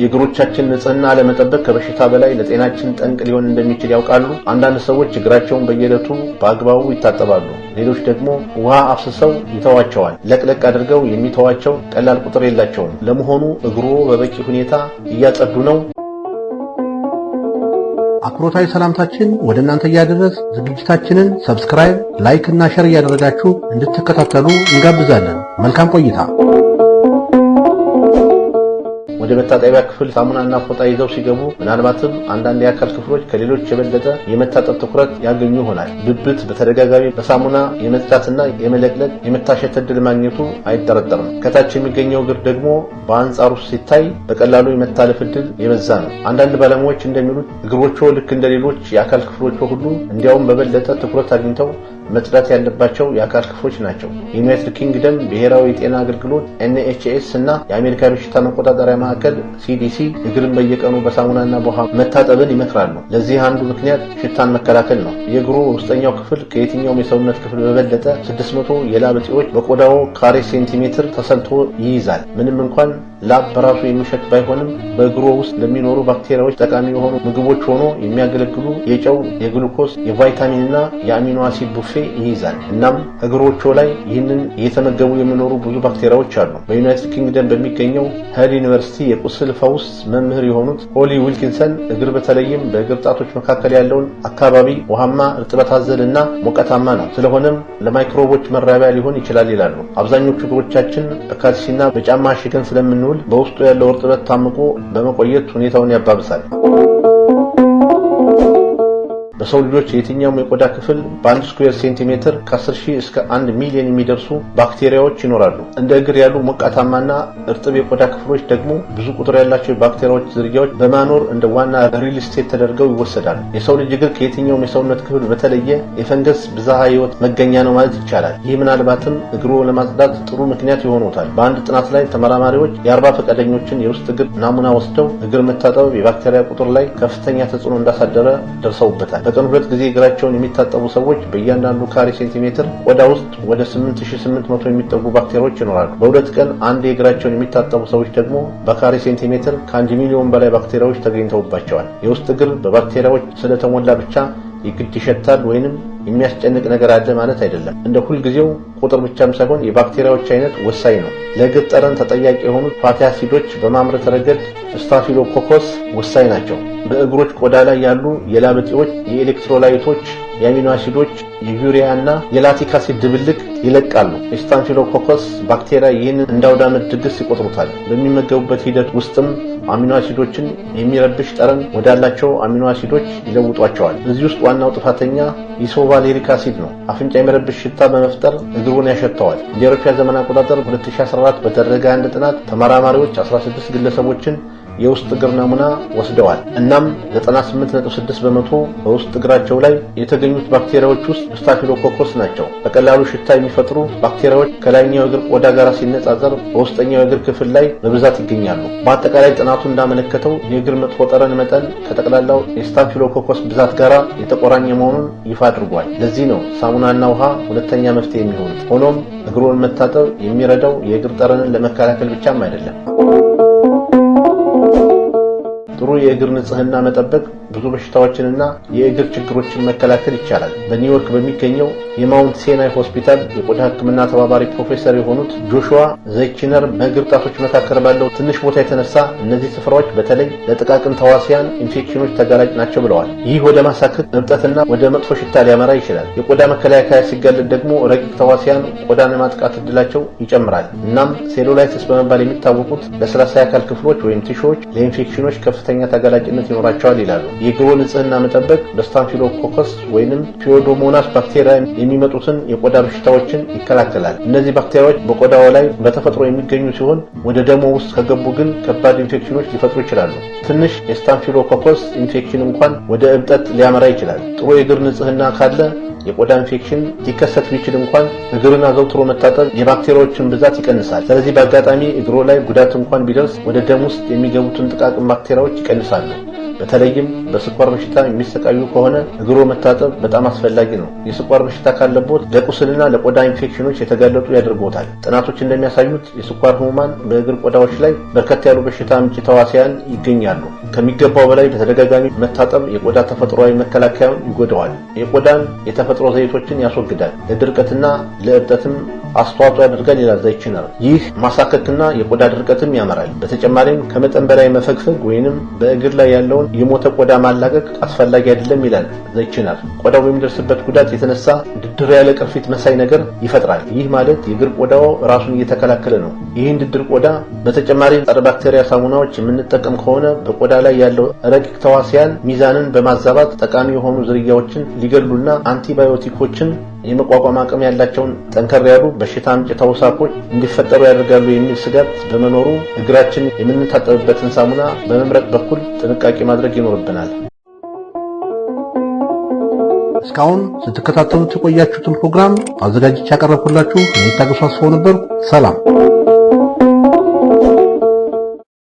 የእግሮቻችን ንጽህና ለመጠበቅ ከበሽታ በላይ ለጤናችን ጠንቅ ሊሆን እንደሚችል ያውቃሉ? አንዳንድ ሰዎች እግራቸውን በየዕለቱ በአግባቡ ይታጠባሉ፣ ሌሎች ደግሞ ውሃ አፍስሰው ይተዋቸዋል። ለቅለቅ አድርገው የሚተዋቸው ቀላል ቁጥር የላቸውም። ለመሆኑ እግሮ በበቂ ሁኔታ እያጸዱ ነው? አክብሮታዊ ሰላምታችን ወደ እናንተ እያደረስ ዝግጅታችንን ሰብስክራይብ፣ ላይክ እና ሸር እያደረጋችሁ እንድትከታተሉ እንጋብዛለን። መልካም ቆይታ ወደ መታጠቢያ ክፍል ሳሙናና ፎጣ ይዘው ሲገቡ ምናልባትም አንዳንድ የአካል ክፍሎች ከሌሎች የበለጠ የመታጠብ ትኩረት ያገኙ ይሆናል። ብብት በተደጋጋሚ በሳሙና የመትታትና የመለቅለቅ የመታሸት እድል ማግኘቱ አይጠረጠርም። ከታች የሚገኘው እግር ደግሞ በአንጻሩ ሲታይ በቀላሉ የመታለፍ እድል የበዛ ነው። አንዳንድ ባለሙያዎች እንደሚሉት እግሮቹ ልክ እንደሌሎች የአካል ክፍሎቹ ሁሉ እንዲያውም በበለጠ ትኩረት አግኝተው መጽዳት ያለባቸው የአካል ክፍሎች ናቸው። ዩናይትድ ኪንግደም ብሔራዊ የጤና አገልግሎት ኤንኤችኤስ እና የአሜሪካ በሽታ መቆጣጠሪያ ማዕከል ሲዲሲ እግርን በየቀኑ በሳሙናና በውሃ መታጠብን ይመክራሉ። ለዚህ አንዱ ምክንያት ሽታን መከላከል ነው። የእግሩ ውስጠኛው ክፍል ከየትኛውም የሰውነት ክፍል በበለጠ 600 የላብ እጢዎች በቆዳው ካሬ ሴንቲሜትር ተሰልቶ ይይዛል። ምንም እንኳን ላብ በራሱ የሚሸት ባይሆንም በእግሮ ውስጥ ለሚኖሩ ባክቴሪያዎች ጠቃሚ የሆኑ ምግቦች ሆኖ የሚያገለግሉ የጨው፣ የግሉኮስ፣ የቫይታሚንና የአሚኖ አሲድ ቡፌ ይይዛል። እናም እግሮቹ ላይ ይህንን እየተመገቡ የሚኖሩ ብዙ ባክቴሪያዎች አሉ። በዩናይትድ ኪንግደም በሚገኘው ሄል ዩኒቨርሲቲ የቁስል ፈውስ መምህር የሆኑት ሆሊ ዊልኪንሰን እግር በተለይም በእግር ጣቶች መካከል ያለውን አካባቢ ውሃማ፣ እርጥበት አዘል እና ሞቀታማ ነው፣ ስለሆነም ለማይክሮቦች መራቢያ ሊሆን ይችላል ይላሉ። አብዛኞቹ እግሮቻችን በካልሲና በጫማ አሽገን ስለምንውል በውስጡ ያለው እርጥበት ታምቆ በመቆየት ሁኔታውን ያባብሳል። በሰው ልጆች የትኛውም የቆዳ ክፍል በአንድ ስኩዌር ሴንቲሜትር ከ10 ሺህ እስከ 1 ሚሊዮን የሚደርሱ ባክቴሪያዎች ይኖራሉ። እንደ እግር ያሉ ሞቃታማና እርጥብ የቆዳ ክፍሎች ደግሞ ብዙ ቁጥር ያላቸው የባክቴሪያዎች ዝርያዎች በማኖር እንደ ዋና ሪል ስቴት ተደርገው ይወሰዳሉ። የሰው ልጅ እግር ከየትኛውም የሰውነት ክፍል በተለየ የፈንገስ ብዝሃ ህይወት መገኛ ነው ማለት ይቻላል። ይህ ምናልባትም እግሮ ለማጽዳት ጥሩ ምክንያት ይሆኑታል። በአንድ ጥናት ላይ ተመራማሪዎች የአርባ ፈቃደኞችን የውስጥ እግር ናሙና ወስደው እግር መታጠብ የባክቴሪያ ቁጥር ላይ ከፍተኛ ተጽዕኖ እንዳሳደረ ደርሰውበታል። በቀን ሁለት ጊዜ እግራቸውን የሚታጠቡ ሰዎች በእያንዳንዱ ካሬ ሴንቲሜትር ቆዳ ውስጥ ወደ 8800 የሚጠጉ ባክቴሪያዎች ይኖራሉ። በሁለት ቀን አንድ እግራቸውን የሚታጠቡ ሰዎች ደግሞ በካሬ ሴንቲሜትር ከአንድ ሚሊዮን በላይ ባክቴሪያዎች ተገኝተውባቸዋል። የውስጥ እግር በባክቴሪያዎች ስለተሞላ ብቻ የግድ ይሸታል ወይንም የሚያስጨንቅ ነገር አለ ማለት አይደለም። እንደ ሁልጊዜው ቁጥር ብቻም ሳይሆን የባክቴሪያዎች አይነት ወሳኝ ነው። ለግጠረን ተጠያቂ የሆኑት ፋቲ አሲዶች በማምረት ረገድ ስታፊሎኮኮስ ወሳኝ ናቸው። በእግሮች ቆዳ ላይ ያሉ የላብ የኤሌክትሮላይቶች፣ የአሚኖ አሲዶች፣ የዩሪያ እና የላቲክ አሲድ ድብልቅ ይለቃሉ። የስታንፊሎኮኮስ ባክቴሪያ ይህንን እንዳውዳመት ድግስ ይቆጥሩታል። በሚመገቡበት ሂደት ውስጥም አሚኖ አሲዶችን የሚረብሽ ጠረን ወዳላቸው አሚኖ አሲዶች ይለውጧቸዋል። እዚህ ውስጥ ዋናው ጥፋተኛ ኢሶቫሌሪክ አሲድ ነው። አፍንጫ የሚረብሽ ሽታ በመፍጠር እግሩን ያሸተዋል። እንደ አውሮፓውያን ዘመን አቆጣጠር 2014 በተደረገ አንድ ጥናት ተመራማሪዎች 16 ግለሰቦችን የውስጥ እግር ናሙና ወስደዋል። እናም 98.6 በመቶ በውስጥ እግራቸው ላይ የተገኙት ባክቴሪያዎች ውስጥ ስታፊሎኮኮስ ናቸው። በቀላሉ ሽታ የሚፈጥሩ ባክቴሪያዎች ከላይኛው እግር ቆዳ ጋር ሲነጻጸር በውስጠኛው የእግር ክፍል ላይ በብዛት ይገኛሉ። በአጠቃላይ ጥናቱ እንዳመለከተው የእግር መጥፎ ጠረን መጠን ከጠቅላላው የስታፊሎኮኮስ ብዛት ጋራ የተቆራኘ መሆኑን ይፋ አድርጓል። ለዚህ ነው ሳሙናና ውሃ ሁለተኛ መፍትሄ የሚሆኑት። ሆኖም እግሮን መታጠብ የሚረዳው የእግር ጠረንን ለመከላከል ብቻም አይደለም። ጥሩ የእግር ንጽህና መጠበቅ ብዙ በሽታዎችንና የእግር ችግሮችን መከላከል ይቻላል። በኒውዮርክ በሚገኘው የማውንት ሴናይ ሆስፒታል የቆዳ ሕክምና ተባባሪ ፕሮፌሰር የሆኑት ጆሹዋ ዘይችነር በእግር ጣቶች መካከል ባለው ትንሽ ቦታ የተነሳ እነዚህ ስፍራዎች በተለይ ለጥቃቅን ተዋሲያን ኢንፌክሽኖች ተጋላጭ ናቸው ብለዋል። ይህ ወደ ማሳከክ እብጠትና ወደ መጥፎ ሽታ ሊያመራ ይችላል። የቆዳ መከላከያ ሲጋለጥ ደግሞ ረቂቅ ተዋሲያን ቆዳን የማጥቃት እድላቸው ይጨምራል። እናም ሴሎላይትስ በመባል የሚታወቁት ለስላሳ አካል ክፍሎች ወይም ቲሾዎች ለኢንፌክሽኖች ከፍተኛ ተጋላጭነት ይኖራቸዋል ይላሉ። የግቦ ንጽህና መጠበቅ በስታፊሎኮከስ ወይንም ፒዮዶሞናስ ባክቴሪያ የሚመጡትን የቆዳ በሽታዎችን ይከላከላል። እነዚህ ባክቴሪያዎች በቆዳው ላይ በተፈጥሮ የሚገኙ ሲሆን ወደ ደሞ ውስጥ ከገቡ ግን ከባድ ኢንፌክሽኖች ሊፈጥሩ ይችላሉ። ትንሽ የስታፊሎኮከስ ኢንፌክሽን እንኳን ወደ እብጠት ሊያመራ ይችላል። ጥሩ የእግር ንጽህና ካለ የቆዳ ኢንፌክሽን ሊከሰት ቢችል እንኳን እግርን አዘውትሮ መታጠብ የባክቴሪያዎችን ብዛት ይቀንሳል። ስለዚህ በአጋጣሚ እግሮ ላይ ጉዳት እንኳን ቢደርስ ወደ ደም ውስጥ የሚገቡትን ጥቃቅን ባክቴሪያዎች ይቀንሳሉ። በተለይም በስኳር በሽታ የሚሰቃዩ ከሆነ እግሮ መታጠብ በጣም አስፈላጊ ነው። የስኳር በሽታ ካለቦት ለቁስልና ለቆዳ ኢንፌክሽኖች የተጋለጡ ያደርጎታል። ጥናቶች እንደሚያሳዩት የስኳር ህሙማን በእግር ቆዳዎች ላይ በርከት ያሉ በሽታ አምጪ ተዋሲያን ይገኛሉ። ከሚገባው በላይ በተደጋጋሚ መታጠብ የቆዳ ተፈጥሯዊ መከላከያውን ይጎዳዋል። የቆዳን የተፈጥሮ ዘይቶችን ያስወግዳል። ለድርቀትና ለእብጠትም አስተዋጽኦ ያደርጋል ይላል ዘይችነር። ይህ ማሳከክና የቆዳ ድርቀትም ያመራል። በተጨማሪም ከመጠን በላይ መፈግፈግ ወይንም በእግር ላይ ያለውን የሞተ ቆዳ ማላቀቅ አስፈላጊ አይደለም ይላል ዘይችነር። ቆዳው በሚደርስበት ጉዳት የተነሳ ድድር ያለ ቅርፊት መሳይ ነገር ይፈጥራል። ይህ ማለት የእግር ቆዳው ራሱን እየተከላከለ ነው። ይህን ድድር ቆዳ በተጨማሪም ጸረ ባክቴሪያ ሳሙናዎች የምንጠቀም ከሆነ በቆዳ ላይ ያለው ረቂቅ ተዋሲያን ሚዛንን በማዛባት ጠቃሚ የሆኑ ዝርያዎችን ሊገሉና አንቲባዮቲኮችን የመቋቋም አቅም ያላቸውን ጠንከር ያሉ በሽታ አምጪ ተውሳኮች እንዲፈጠሩ ያደርጋሉ የሚል ስጋት በመኖሩ እግራችን የምንታጠብበትን ሳሙና በመምረጥ በኩል ጥንቃቄ ማድረግ ይኖርብናል። እስካሁን ስትከታተሉት የቆያችሁትን ፕሮግራም አዘጋጅቼ ያቀረብኩላችሁ እኔ ታገሱ አስፋው ነበርኩ። ሰላም።